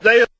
They